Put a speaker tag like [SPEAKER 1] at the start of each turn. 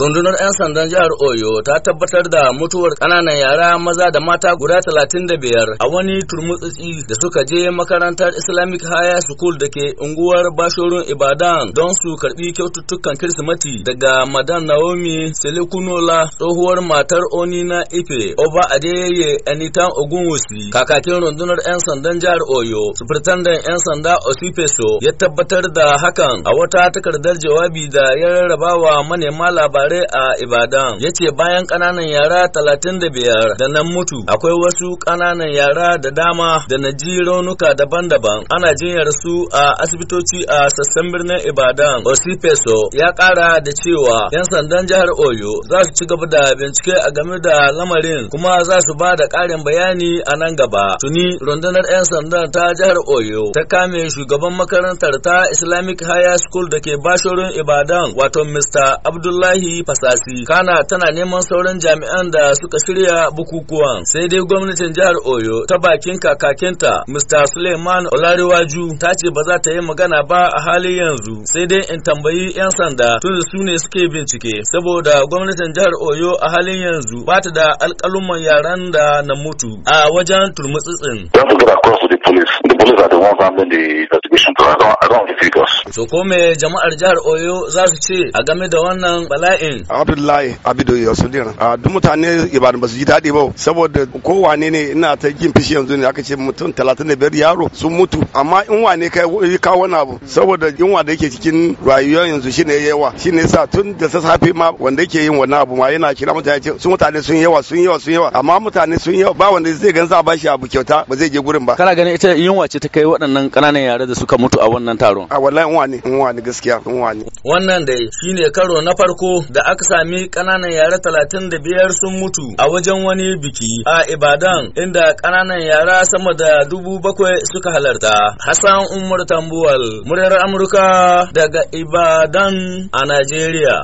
[SPEAKER 1] Rundunar 'yan sandan jihar Oyo ta tabbatar da mutuwar ƙananan yara maza da mata guda talatin da biyar. a wani turmutsutsi da suka je makarantar Islamic Higher School da ke unguwar Bashorun Ibadan don su karbi kyaututtukan Kirsimati daga Madan Naomi selikunola tsohuwar matar Oni na Ife Oba Adeyeye Anita Ogunwusi kakakin rundunar 'yan sandan jihar Oyo sufurtandan 'yan sanda Osifeso ya tabbatar da hakan a wata takardar jawabi da ya rarrabawa manema labarai Buhari a Ibadan ya bayan ƙananan yara talatin da biyar da nan mutu akwai wasu ƙananan yara da dama da na ji raunuka daban-daban ana jinyar su a asibitoci a sassan birnin Ibadan Osifeso ya kara da cewa 'yan sandan jihar Oyo za su ci gaba da bincike a game da lamarin kuma za su ba da ƙarin bayani a nan gaba. Tuni rundunar 'yan sandan ta jihar Oyo ta kame shugaban makarantar ta Islamic Higher School da ke Bashorin Ibadan wato Mr. Abdullahi fasasi kana tana neman sauran jami'an da suka shirya bukukuwan sai dai gwamnatin jihar oyo ta bakin kakakinta mr suleiman olariwaju ta ce ba za ta yi magana ba a halin yanzu sai dai in tambayi 'yan sanda tun su ne suke bincike saboda gwamnatin jihar oyo a halin yanzu ba ta da alkaluman yaran da na mutu a wajen turmutsitsin. Don't forget across the police. The police are the ones handling the investigation to a the figures. To ko me jama'ar jihar Oyo za su ce a game da wannan bala'in?
[SPEAKER 2] Abdullahi Abido Yasuliran. A duk mutane Ibadan ba su ji daɗi ba saboda wane ne ina ta yin fishi yanzu ne aka ce mutum biyar yaro sun mutu amma in wane yi kawo wani abu saboda yunwa da yake cikin rayuwa yanzu ne yawa ne sa tun da safe ma wanda yake yin wannan abu ma yana kira mutane ce su mutane sun yawa sun yawa sun yawa amma mutane sun yawa ba wanda zai gan za a bashi abu kyauta ba zai je gurin ba. Kana ganin ita yunwa ce ta kai waɗannan ƙananan yare da suka mutu a wannan taron a wallahi in wani in wani gaskiya in wani
[SPEAKER 1] wannan dai shine karo na farko da aka sami kananan yara talatin da biyar sun mutu a wajen wani biki a ibadan inda kananan yara sama da dubu bakwai suka halarta hassan umar tambuwal muryar amurka daga ibadan a najeriya